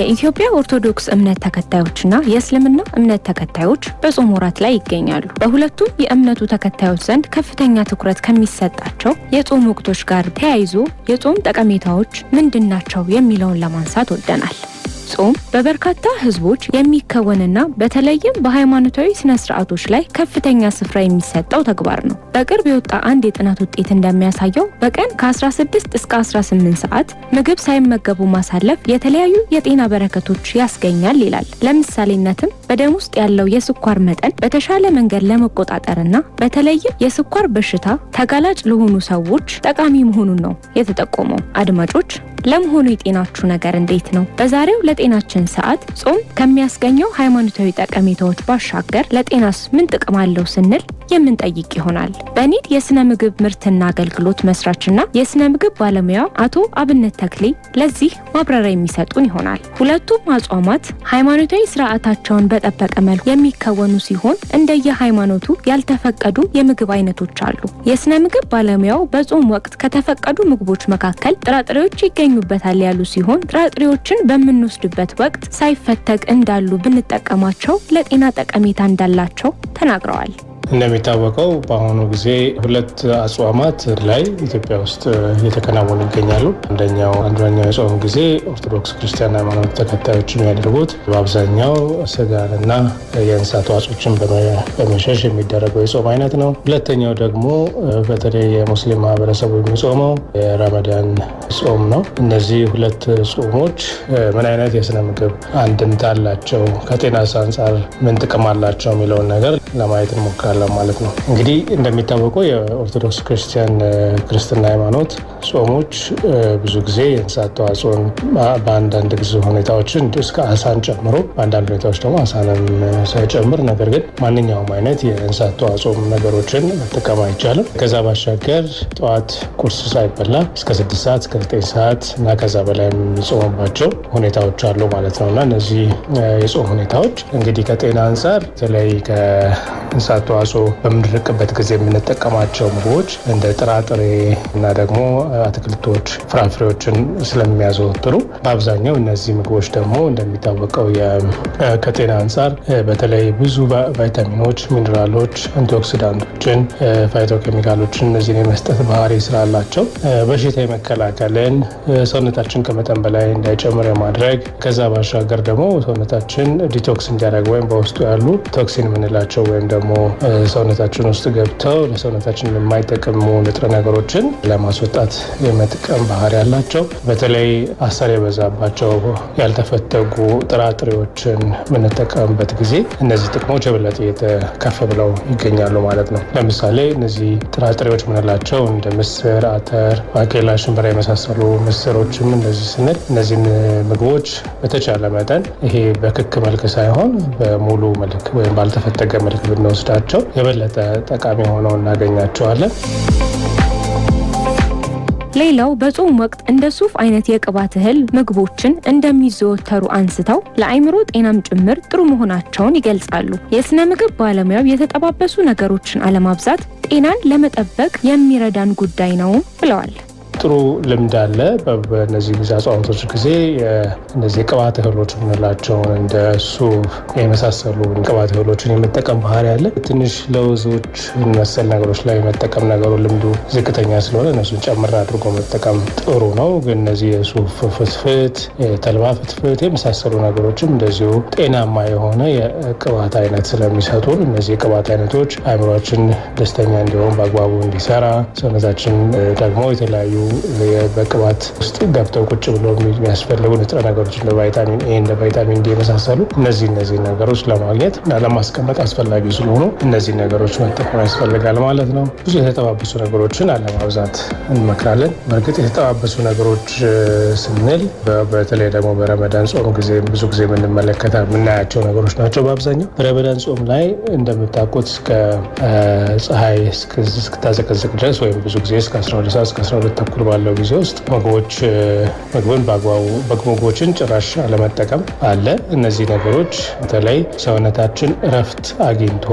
የኢትዮጵያ ኦርቶዶክስ እምነት ተከታዮችና የእስልምና እምነት ተከታዮች በጾም ወራት ላይ ይገኛሉ። በሁለቱም የእምነቱ ተከታዮች ዘንድ ከፍተኛ ትኩረት ከሚሰጣቸው የጾም ወቅቶች ጋር ተያይዞ የጾም ጠቀሜታዎች ምንድናቸው የሚለውን ለማንሳት ወደናል። ጾም በበርካታ ህዝቦች የሚከወንና በተለይም በሃይማኖታዊ ስነ ስርዓቶች ላይ ከፍተኛ ስፍራ የሚሰጠው ተግባር ነው። በቅርብ የወጣ አንድ የጥናት ውጤት እንደሚያሳየው በቀን ከ16 እስከ 18 ሰዓት ምግብ ሳይመገቡ ማሳለፍ የተለያዩ የጤና በረከቶች ያስገኛል ይላል። ለምሳሌነትም በደም ውስጥ ያለው የስኳር መጠን በተሻለ መንገድ ለመቆጣጠርና በተለይም የስኳር በሽታ ተጋላጭ ለሆኑ ሰዎች ጠቃሚ መሆኑን ነው የተጠቆመው። አድማጮች፣ ለመሆኑ የጤናችሁ ነገር እንዴት ነው? በዛሬው በጤናችን ሰዓት ጾም ከሚያስገኘው ሃይማኖታዊ ጠቀሜታዎች ባሻገር ለጤናስ ምን ጥቅም አለው ስንል የምንጠይቅ ይሆናል። በኒድ የስነ ምግብ ምርትና አገልግሎት መስራችና የስነ ምግብ ባለሙያ አቶ አብነት ተክሌ ለዚህ ማብራሪያ የሚሰጡን ይሆናል። ሁለቱም አጽዋማት ሃይማኖታዊ ስርዓታቸውን በጠበቀ መልኩ የሚከወኑ ሲሆን እንደየ ሃይማኖቱ ያልተፈቀዱ የምግብ አይነቶች አሉ። የስነ ምግብ ባለሙያው በጾም ወቅት ከተፈቀዱ ምግቦች መካከል ጥራጥሬዎች ይገኙበታል ያሉ ሲሆን ጥራጥሬዎችን በምንወስድ በሚወስድበት ወቅት ሳይፈተግ እንዳሉ ብንጠቀማቸው ለጤና ጠቀሜታ እንዳላቸው ተናግረዋል። እንደሚታወቀው በአሁኑ ጊዜ ሁለት አጽዋማት ላይ ኢትዮጵያ ውስጥ እየተከናወኑ ይገኛሉ። አንደኛው አንደኛው የጾም ጊዜ ኦርቶዶክስ ክርስቲያን ሃይማኖት ተከታዮች የሚያደርጉት በአብዛኛው ስጋንና የእንስሳት ተዋጽኦችን በመሸሽ የሚደረገው የጾም አይነት ነው። ሁለተኛው ደግሞ በተለይ የሙስሊም ማህበረሰቡ የሚጾመው የረመዳን ጾም ነው። እነዚህ ሁለት ጾሞች ምን አይነት የስነ ምግብ አንድምታ አላቸው፣ ከጤናስ አንጻር ምን ጥቅም አላቸው የሚለውን ነገር ለማየት እንሞክራለን። አይደለም ማለት ነው። እንግዲህ እንደሚታወቀው የኦርቶዶክስ ክርስቲያን ክርስትና ሃይማኖት ጾሞች ብዙ ጊዜ የእንስሳት ተዋጽኦን በአንዳንድ ጊዜ ሁኔታዎችን እስከ አሳን ጨምሮ በአንዳንድ ሁኔታዎች ደግሞ አሳንም ሳይጨምር ነገር ግን ማንኛውም አይነት የእንስሳት ተዋጽኦ ነገሮችን መጠቀም አይቻልም። ከዛ ባሻገር ጠዋት ቁርስ ሳይበላ እስከ ስድስት ሰዓት እስከ ዘጠኝ ሰዓት እና ከዛ በላይ የሚጾምባቸው ሁኔታዎች አሉ ማለት ነው እና እነዚህ የጾም ሁኔታዎች እንግዲህ ከጤና አንጻር በተለይ ከእንስሳት ተዋ አስተዋጽኦ በምንድርቅበት ጊዜ የምንጠቀማቸው ምግቦች እንደ ጥራጥሬ እና ደግሞ አትክልቶች፣ ፍራፍሬዎችን ስለሚያዘወትሩ በአብዛኛው እነዚህ ምግቦች ደግሞ እንደሚታወቀው ከጤና አንጻር በተለይ ብዙ ቫይታሚኖች፣ ሚኔራሎች፣ አንቲኦክሲዳንቶችን፣ ፋይቶኬሚካሎችን እነዚህን የመስጠት ባህሪ ስላላቸው በሽታ የመከላከልን ሰውነታችን ከመጠን በላይ እንዳይጨምር የማድረግ ከዛ ባሻገር ደግሞ ሰውነታችን ዲቶክስ እንዲያደርግ ወይም በውስጡ ያሉ ቶክሲን የምንላቸው ወይም ደግሞ ሰውነታችን ውስጥ ገብተው ለሰውነታችን የማይጠቅሙ ንጥረ ነገሮችን ለማስወጣት የመጥቀም ባህሪ ያላቸው በተለይ አሰር የበዛባቸው ያልተፈተጉ ጥራጥሬዎችን የምንጠቀምበት ጊዜ እነዚህ ጥቅሞች የበለጠ የተከፍ ብለው ይገኛሉ ማለት ነው። ለምሳሌ እነዚህ ጥራጥሬዎች ምንላቸው እንደ ምስር፣ አተር፣ ባቄላ፣ ሽንበራ የመሳሰሉ ምስሮችም እነዚህ ስንል እነዚህን ምግቦች በተቻለ መጠን ይሄ በክክ መልክ ሳይሆን በሙሉ መልክ ወይም ባልተፈተገ መልክ ብንወስዳቸው የበለጠ ጠቃሚ ሆነው እናገኛቸዋለን። ሌላው በጾም ወቅት እንደ ሱፍ አይነት የቅባት እህል ምግቦችን እንደሚዘወተሩ አንስተው ለአይምሮ ጤናም ጭምር ጥሩ መሆናቸውን ይገልጻሉ። የስነ ምግብ ባለሙያው የተጠባበሱ ነገሮችን አለማብዛት ጤናን ለመጠበቅ የሚረዳን ጉዳይ ነው ብለዋል። ጥሩ ልምድ አለ። በእነዚህ ጊዜ አጽዋማቶች ጊዜ እነዚህ የቅባት እህሎች የምንላቸውን እንደ ሱፍ የመሳሰሉ ቅባት እህሎችን የመጠቀም ባህሪ አለ። ትንሽ ለውዞች መሰል ነገሮች ላይ መጠቀም ነገሩ ልምዱ ዝቅተኛ ስለሆነ እነሱን ጨምር አድርጎ መጠቀም ጥሩ ነው። ግን እነዚህ የሱፍ ፍትፍት፣ የተልባ ፍትፍት የመሳሰሉ ነገሮችም እንደዚሁ ጤናማ የሆነ የቅባት አይነት ስለሚሰጡን እነዚህ የቅባት አይነቶች አእምሯችን ደስተኛ እንዲሆን በአግባቡ እንዲሰራ ሰውነታችን ደግሞ የተለያዩ በቅባት ውስጥ ገብተው ቁጭ ብሎ የሚያስፈልጉ ንጥረ ነገሮች እንደ ቫይታሚን ኤ እንደ ቫይታሚን ዲ የመሳሰሉ እነዚህ እነዚህ ነገሮች ለማግኘት እና ለማስቀመጥ አስፈላጊ ስለሆኑ እነዚህ ነገሮች መጠቀም ያስፈልጋል ማለት ነው። ብዙ የተጠባበሱ ነገሮችን አለማብዛት እንመክራለን። በእርግጥ የተጠባበሱ ነገሮች ስንል በተለይ ደግሞ በረመዳን ጾም ጊዜ ብዙ ጊዜ የምንመለከታ የምናያቸው ነገሮች ናቸው። በአብዛኛው በረመዳን ጾም ላይ እንደምታውቁት እስከ ፀሐይ እስክታዘቀዝቅ ድረስ ወይም ብዙ ጊዜ እስከ 12 ሰዓት እስከ 12 ተኩል በኩል ባለው ጊዜ ውስጥ ምግቦች ምግብን በአግባቡ ምግቦችን ጭራሽ አለመጠቀም አለ። እነዚህ ነገሮች በተለይ ሰውነታችን እረፍት አግኝቶ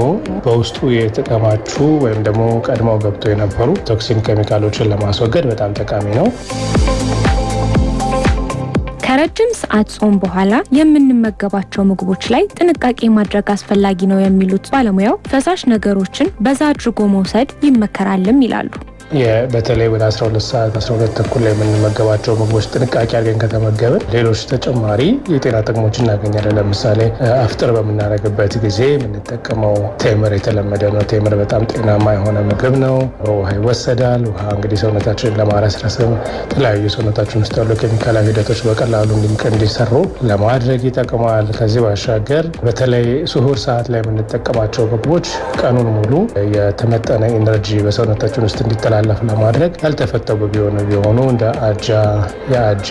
በውስጡ የተቀማቹ ወይም ደግሞ ቀድመው ገብቶ የነበሩ ቶክሲን ኬሚካሎችን ለማስወገድ በጣም ጠቃሚ ነው። ከረጅም ሰዓት ጾም በኋላ የምንመገባቸው ምግቦች ላይ ጥንቃቄ ማድረግ አስፈላጊ ነው የሚሉት ባለሙያው ፈሳሽ ነገሮችን በዛ አድርጎ መውሰድ ይመከራልም ይላሉ። በተለይ ወደ 12 ሰዓት 12 ተኩል ላይ የምንመገባቸው ምግቦች ጥንቃቄ አድርገን ከተመገብን ሌሎች ተጨማሪ የጤና ጥቅሞች እናገኛለን። ለምሳሌ አፍጥር በምናደርግበት ጊዜ የምንጠቀመው ቴምር የተለመደ ነው። ቴምር በጣም ጤናማ የሆነ ምግብ ነው። ውሃ ይወሰዳል። ውሃ እንግዲህ ሰውነታችንን ለማረስረስም የተለያዩ ሰውነታችን ውስጥ ያሉ ኬሚካላዊ ሂደቶች በቀላሉ እንዲሰሩ ለማድረግ ይጠቅማል። ከዚህ ባሻገር በተለይ ስሁር ሰዓት ላይ የምንጠቀማቸው ምግቦች ቀኑን ሙሉ የተመጠነ ኢነርጂ በሰውነታችን ውስጥ እንዲተላለ እንዲተላለፍ ለማድረግ ያልተፈተጉ ቢሆኑ ቢሆኑ እንደ አጃ የአጃ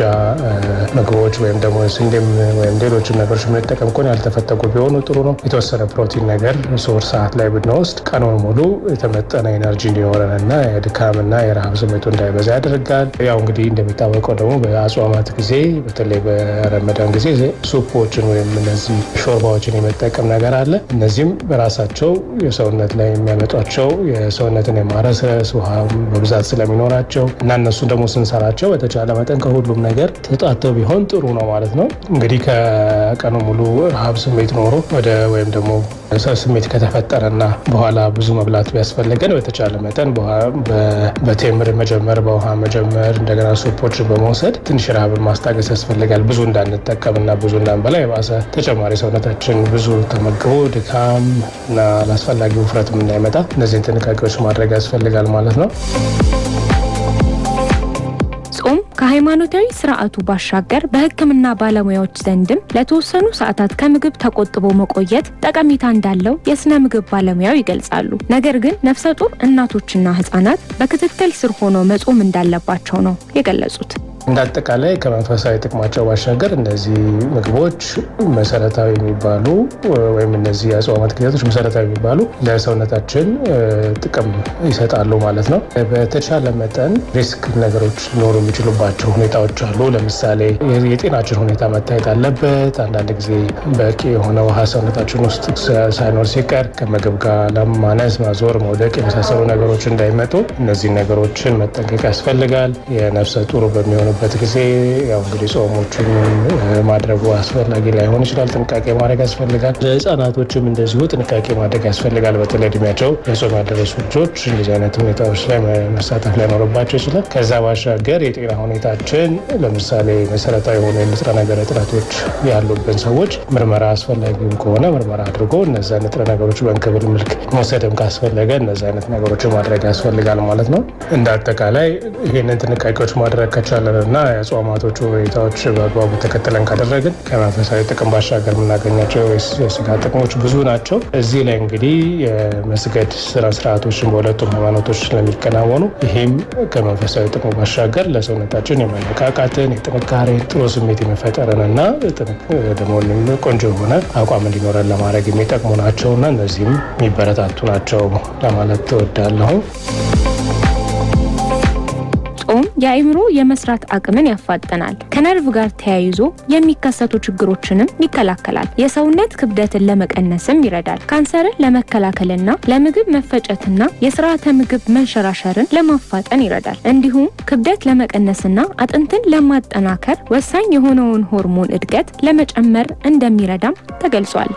ምግቦች ወይም ደግሞ ስንዴም ወይም ሌሎች ነገሮች የምንጠቀም ከሆነ ያልተፈጠጉ ቢሆኑ ጥሩ ነው። የተወሰነ ፕሮቲን ነገር ሶስት ሰዓት ላይ ብንወስድ ቀኑን ሙሉ የተመጠነ ኤነርጂ እንዲኖረንና የድካምና የረሃብ ስሜቱ እንዳይበዛ ያደርጋል። ያው እንግዲህ እንደሚታወቀው ደግሞ በአጽዋማት ጊዜ በተለይ በረመዳን ጊዜ ሱፖችን ወይም እነዚህ ሾርባዎችን የመጠቀም ነገር አለ። እነዚህም በራሳቸው የሰውነት ላይ የሚያመጧቸው የሰውነትን የማረስረስ ውሃ በብዛት ስለሚኖራቸው እና እነሱን ደግሞ ስንሰራቸው በተቻለ መጠን ከሁሉም ነገር ተጣተ ቢሆን ጥሩ ነው ማለት ነው። እንግዲህ ከቀኑ ሙሉ ረሃብ ስሜት ኖሮ ወደ ወይም ደግሞ ሰው ስሜት ከተፈጠረና በኋላ ብዙ መብላት ቢያስፈልገን በተቻለ መጠን በቴምር መጀመር፣ በውሃ መጀመር፣ እንደገና ሱፖችን በመውሰድ ትንሽ ረሃብን ማስታገስ ያስፈልጋል። ብዙ እንዳንጠቀምና ብዙ እንዳንበላ የባሰ ተጨማሪ ሰውነታችን ብዙ ተመግቦ ድካም እና ላስፈላጊ ውፍረትም እንዳይመጣ እነዚህን ጥንቃቄዎች ማድረግ ያስፈልጋል ማለት ነው። ከሃይማኖታዊ ስርዓቱ ባሻገር በህክምና ባለሙያዎች ዘንድም ለተወሰኑ ሰዓታት ከምግብ ተቆጥቦ መቆየት ጠቀሜታ እንዳለው የስነ ምግብ ባለሙያው ይገልጻሉ። ነገር ግን ነፍሰ ጡር እናቶችና ህጻናት በክትትል ስር ሆኖ መጾም እንዳለባቸው ነው የገለጹት። እንደ አጠቃላይ ከመንፈሳዊ ጥቅማቸው ባሻገር እነዚህ ምግቦች መሰረታዊ የሚባሉ ወይም እነዚህ የእጽዋት ጊዜቶች መሰረታዊ የሚባሉ ለሰውነታችን ጥቅም ይሰጣሉ ማለት ነው። በተቻለ መጠን ሪስክ ነገሮች ሊኖሩ የሚችሉባቸው ሁኔታዎች አሉ። ለምሳሌ የጤናችን ሁኔታ መታየት አለበት። አንዳንድ ጊዜ በቂ የሆነ ውሃ ሰውነታችን ውስጥ ሳይኖር ሲቀር ከምግብ ጋር ለማነስ ማዞር፣ መውደቅ የመሳሰሉ ነገሮች እንዳይመጡ እነዚህ ነገሮችን መጠንቀቅ ያስፈልጋል። የነፍሰ ጡር በሚሆኑ በሚሆንበት ጊዜ ያው እንግዲህ ጾሞቹን ማድረጉ አስፈላጊ ላይሆን ይችላል። ጥንቃቄ ማድረግ ያስፈልጋል። ለህፃናቶችም እንደዚሁ ጥንቃቄ ማድረግ ያስፈልጋል። በተለይ እድሜያቸው ለጾም ያደረሱ ልጆች እንደዚህ አይነት ሁኔታዎች ላይ መሳተፍ ላይኖርባቸው ይችላል። ከዛ ባሻገር የጤና ሁኔታችን ለምሳሌ መሰረታዊ የሆኑ የንጥረ ነገር እጥረቶች ያሉብን ሰዎች ምርመራ አስፈላጊም ከሆነ ምርመራ አድርጎ እነዚ ንጥረ ነገሮች በእንክብል ምልክ መውሰድም ካስፈለገ እነዚ አይነት ነገሮችን ማድረግ ያስፈልጋል ማለት ነው። እንደ አጠቃላይ ይህንን ጥንቃቄዎች ማድረግ ከቻለ እና የአጽዋማቶቹ ሁኔታዎች በአግባቡ ተከትለን ካደረግን ከመንፈሳዊ ጥቅም ባሻገር የምናገኛቸው የስጋ ጥቅሞች ብዙ ናቸው። እዚህ ላይ እንግዲህ የመስገድ ስራ ስርዓቶችን በሁለቱም ሃይማኖቶች ስለሚከናወኑ ይሄም ከመንፈሳዊ ጥቅሙ ባሻገር ለሰውነታችን የመነቃቃትን፣ የጥንካሬን፣ ጥሩ ስሜት የመፈጠርን እና ደግሞ ቆንጆ የሆነ አቋም እንዲኖረን ለማድረግ የሚጠቅሙ ናቸው እና እነዚህም የሚበረታቱ ናቸው ለማለት ትወዳለሁ። የአእምሮ የመስራት አቅምን ያፋጥናል። ከነርቭ ጋር ተያይዞ የሚከሰቱ ችግሮችንም ይከላከላል። የሰውነት ክብደትን ለመቀነስም ይረዳል። ካንሰርን ለመከላከልና ለምግብ መፈጨትና የስርዓተ ምግብ መንሸራሸርን ለማፋጠን ይረዳል። እንዲሁም ክብደት ለመቀነስና አጥንትን ለማጠናከር ወሳኝ የሆነውን ሆርሞን እድገት ለመጨመር እንደሚረዳም ተገልጿል።